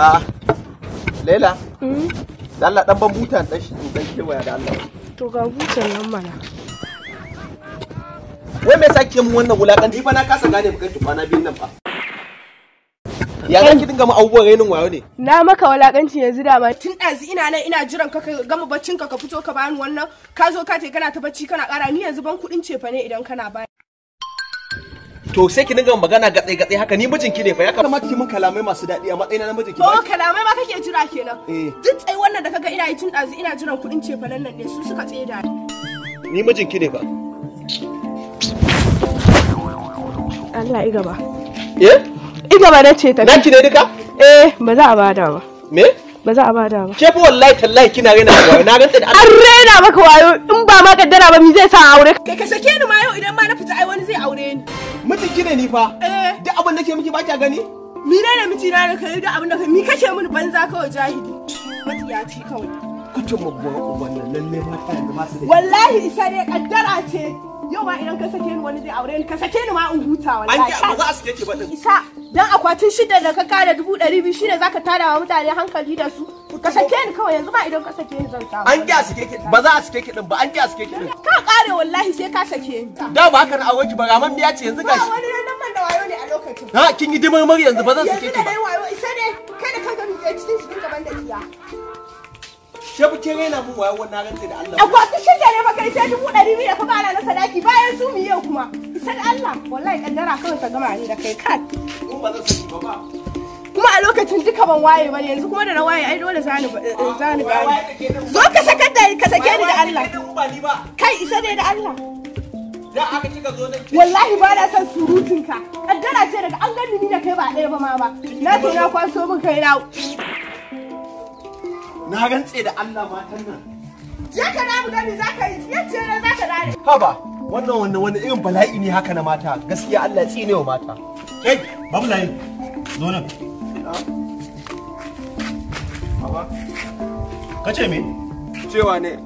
a laila hmm? da Allah ɗan ban butan dan shi dan kewaya da Allah to ga butan nan mana wai me yasa kike mun wannan wulakanci fa na kasa gane kai kwana biyun nan ba. ya ga ki dinga mu abubuwan rainin wayo ne na maka wulakanci yanzu da ma tun ɗazu ina nan ina jiran ka ka gama baccin ka ka fito ka bani wannan ka zo ka te kana ta bacci kana ƙara ni yanzu ban kuɗin cefa ne idan kana bani to sai ki dinga magana gatsai gatsai haka ni mijinki ne fa ya kamata ki mun kalamai masu daɗi a matsayina na mijinki ba kalamai ma kake jira kenan eh. duk tsaye wannan da kaga ina yi tun dazu ina jiran kuɗin cefanen nan ne su suka tsaye da ni mijinki ne fa Allah iga ba eh iga ba na ce ta ki ne duka eh ba za a bada ba me ba za a bada ba. Ke fa wallahi tallahi kina raina ba na rantsa da Allah. An raina maka wayo in ba ma kaddara ba mi zai sa aure. Kai ka sake ni ma yau idan ma na fita ai wani zai aure ni. Mijinki ne ni fa. Eh. Duk abin da ke miki ba kya gani? Ni ne ne miji na kai duk abin da kai mi kake mun banza kawai jahili. ci kawai. Kucin magwara uban nan lalle mata ta ba su da. Wallahi isa ne kaddara ce. Yau ma idan ka sake ni wani zai aure ni ka sake ni ma in huta wallahi. An ki ba za a sake ki ba din. Isa dan akwatin shida da ka kare dubu ɗari shine zaka tada wa mutane hankali da su. ka sake ni kawai yanzu ba idan ka sake ni zan samu an a sake ki ba za a sake ki din ba an kya sake ki din ka kare wallahi sai ka sake ni da ba haka na aure ki ba raman biya ce yanzu gashi ba wani nan man da wayo ne a lokacin ha kin yi dimarmar yanzu ba zan sake ki ba yanzu da wayo isa ne kai da kanka ne cikin cikin gaban da iya ke bu ke rena mun wayo wannan rantsi da Allah akwai ki shige ne ba kai sai dubu ɗari biyu da kuma ana na sadaki bayan su mu yau kuma isa da Allah wallahi kaddara kawai ta gama ni da kai kat in ba zan saki ba ba a lokacin duka ban waye ba yanzu kuma da na waye ai dole zani eh, zani gani zo ka saka da ka sake ni da Allah kai isa ne da Allah da aka kika zo nan wallahi ba na son surutun ka kaddara ce daga an gani ni da kai ba ɗaya ba ma ba na ce na kwaso min kai na na rantse da Allah matan nan je ka na mu za zaka yi yace ne zaka dare haba wannan wannan wani irin bala'i ne haka na mata gaskiya Allah ya tsine wa mata kai babu layi zo nan ka ce me? Cewa ne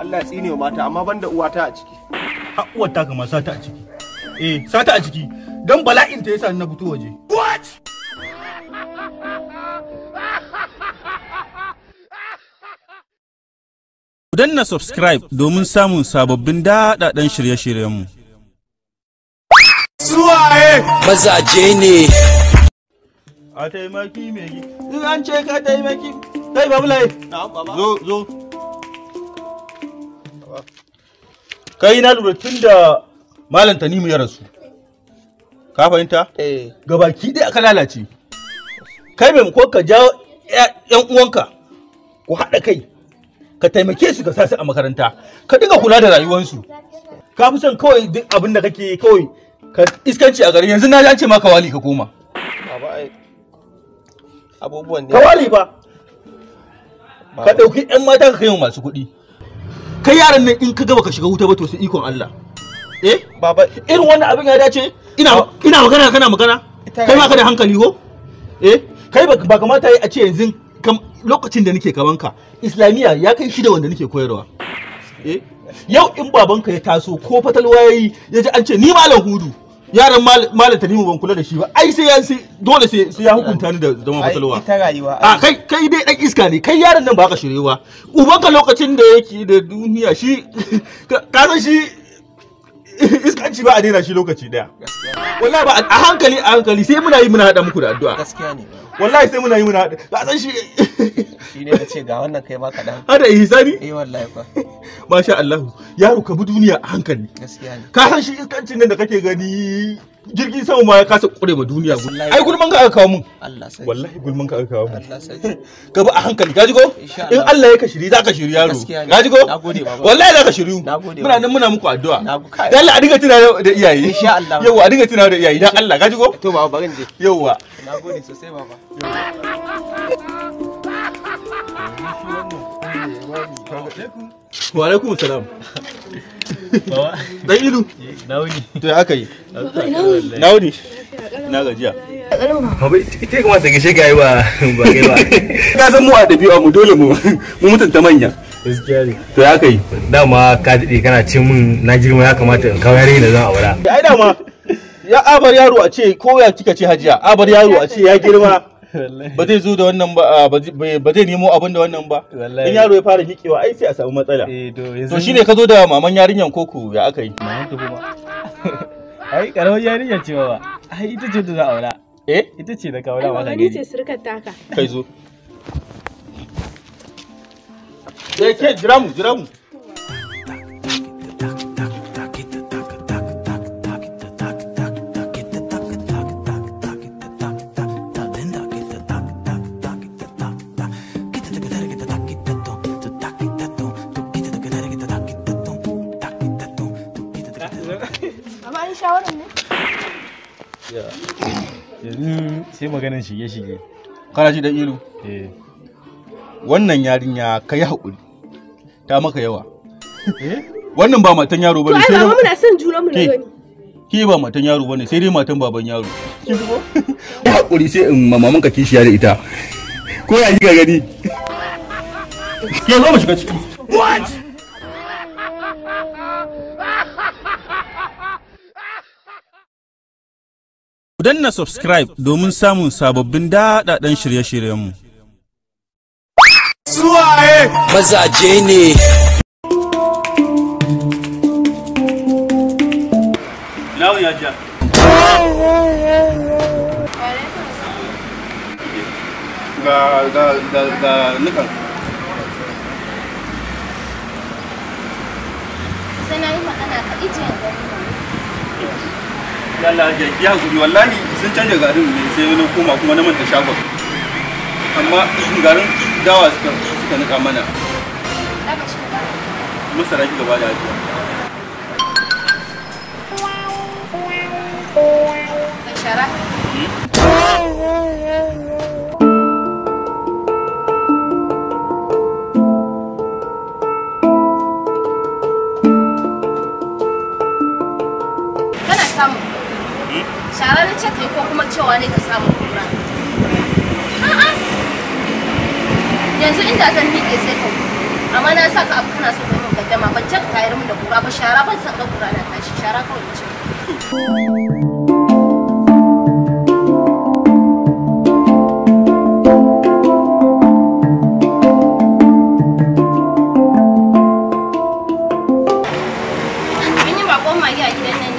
Allah tsine mata amma banda uwata a ciki. Ha uwata kama sata a ciki. Eh, sata a ciki. Dan bala'in ta yasa na fito waje. What? Ku na subscribe domin samun sababbin daɗaɗɗen shirye-shiryenmu. Suwaye! Mazaje ne! a taimaki me gi an ce ka taimaki kai babulai zo zo kai na lura tun da malam tanimu ya rasu ka fahimta eh gabaki dai aka lalace kai mai ko ka jawo yan uwanka ku haɗa kai ka taimake su ka sa su a makaranta ka dinga kula da rayuwarsu ka fi son kawai duk abin da kake kawai ka iskanci a gari yanzu na ce maka wali ka koma abubuwan kawali fa ka dauki yan mata ka kai masu kuɗi kai yaran nan in ka gaba ka shiga wuta ba to sai ikon Allah eh baba irin wannan abin ya dace ina ina magana kana magana kai ma ka da hankali ko eh kai ba kamata a ce yanzu lokacin da nake kaman islamiyya ya kai shida wanda nake koyarwa eh yau in babanka ya taso ko fatalwa yayi ya ji an ce ni malam hudu yaran malam tanimu ban kula da shi ba ai sai ya dole sai ya hukunta ni da zama fatalwa ita rayuwa a kai kai dai dan iska ne kai yaran nan ba ka shirewa ka lokacin da yake da duniya shi ka san shi iskanci ba a daina shi lokaci daya wallahi ba a hankali a hankali sai muna yi muna hada muku da addu'a gaskiya ne wallahi sai muna yi muna hada ka san shi shine na ce ga wannan kai ma dan hada ihsani eh wallahi fa masha Allah yaro ka bi duniya a hankali gaskiya ne ka san shi iskancin nan da kake gani jirgin sama ma ya kasa kure ma duniya gudu ai gulman ka aka kawo mun wallahi gulman ka aka kawo mun ka bi a hankali ka ji ko in Allah ya ka shiri za ka shiri yaro ka ji ko wallahi za ka shiri muna nan muna muku addu'a dan Allah a dinga tuna da iyaye insha Allah yawa a dinga tuna da iyaye dan Allah ka ji ko to baba bari je yawa nagode sosai baba wa alaikum salam Dan ilu. Na To ya aka yi? Na Na gajiya. Baba ita ya kamata gashe ga yi ba ba kai ba. Ka san mu a dabi'a mu dole mu mu mutunta manya. Gaskiya ne. To ya aka yi? Dama ka daɗe kana ce min na girma ya kamata in kawo yare da zan aura. Ai dama ya abar yaro a ce ko ya kika ce hajiya abar yaro a ce ya girma ba zai zo da wannan ba ah, ba zai nemo abin da wannan ba in yaro ya fara hikewa ai sai a samu matsala eh, to shine ka zo da maman yarinyan koko ya aka yi maman ta kuma ai karamar yarinyar ce ba ai ita ce da za aura eh ita ce da kaura ba gani ce surkar taka kai zo sai eh, ke jira mu jira mu sai maganin shige-shige kana ji da ilu eh. wannan yarinya ka yi haƙuri ta maka yawa eh? wannan ba matan yaro bane sai dai muna son juna mu gani ki ba matan yaro bane sai dai matan baban yaro ki ya haƙuri sai in mamaman ka kishiya da ita ko ya ji ga gani ke zo mu shiga ciki what Ku danna subscribe domin samun sababbin daɗaɗɗen shirye-shiryenmu. Suwaye! Mazaje ne! Lawun ya ja. Ga ga ga ga nukan. Sai na yi magana ka ijiyar gari. yalla ya guri wallahi sun canja garin ne sai na koma kuma na manta shagon amma garin dawa suka suka nika mana masara ki gaba da ajiya shara na ce ko kuma cewa ne ka samu kura A'a. yanzu inda zan miƙe sai ka amma na sa ka abu kana so ka yi gaddama ban ce ka tayar min da kura ba shara ban san ga kura na tashi shara kawai na ce koma yi a gidan nan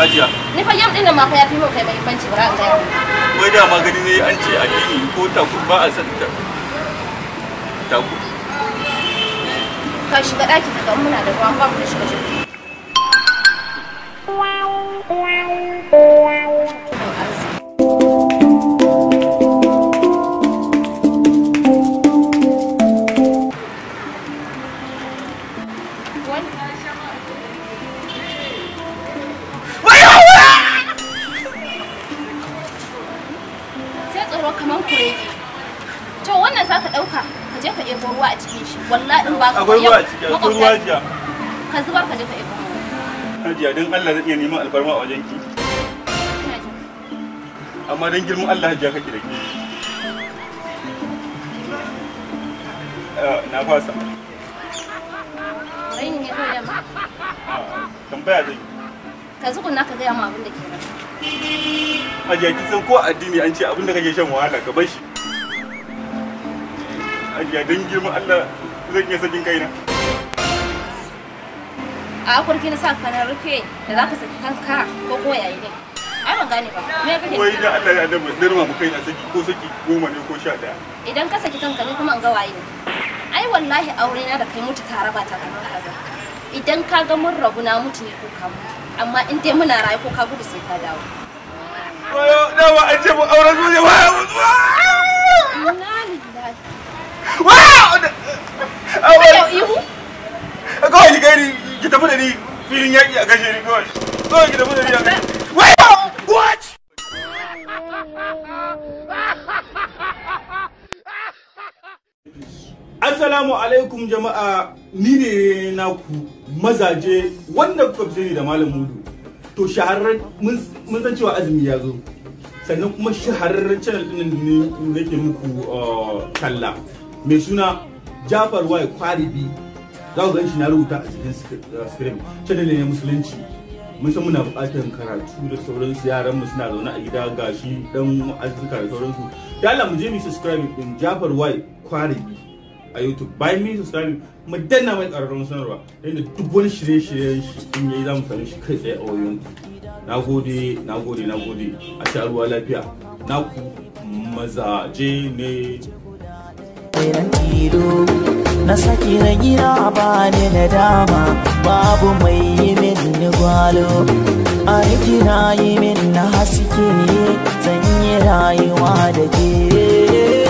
hajiya ni fa yam din nan ma fa yafi mun kai mai banci ba ran gaya wai da magani ne an ce addini ko ta ku ba a san ta ta ku ka shiga daki daga muna da ruwan ba mu da shiga shiga One. to wannan zaka dauka ka je ka ɗebo ruwa a cikin shi wallahi in ba ka akwai ruwa a ruwa ka zubar ka je ka Hajiya Allah zan iya neman alfarma a wajen ki amma girman Allah hajiya kake da ah, na fasa ne ah, Tambaya Ka ka gaya abin da ke a jaki san ko addini an ce abin da kake shan wahala ka bar shi ajiya don girman Allah zan iya sakin kaina a akwarki na sa kanar rufe da za ka saki kanka ko ko yayi ne ai ban gane ba me kake wai da Allah ya adabu dirma mu kaina saki ko saki goma ne ko sha daya idan ka saki kanka ne kuma an ga waye ai wallahi aure na da kai mutu ka raba ta kamar idan ka ga mun rabu na mutu ne ko ka mutu amma in dai muna rayu ko ka gudu sai ka dawo dawa an ce mu auren zuwa waya mutuwa kawai ki gani ki tafi da ni filin yaƙi a kashe ni kawai kawai ki tafi da ni a kashe waya what Assalamu alaikum jama'a ni ne ku mazaje wanda kuka ne da malam mudu to shahararren mun san cewa azumi ya zo sannan kuma shahararren channel din ne nake muku uh, talla mai suna jafar wai kwaribi za ku shi na rubuta a cikin screen uh, channel ne musulunci mun san muna bukatar karatu da sauransu yaran mu suna zaune a gida gashi dan azumi da sauransu da dalla mu je mu subscribe din jafar wai kwaribi a youtube bayan min subscribe mu danna mai ƙararrawar sanarwa inda duk wani shirye-shiryen shi in yayi za mu same shi kai tsaye a wayoyin na gode na gode na gode a sha ruwa lafiya na ku mazaje ne na saki na gina ba ne na dama babu mai yi min ni gwalo a na yi min na haske zan yi rayuwa da ke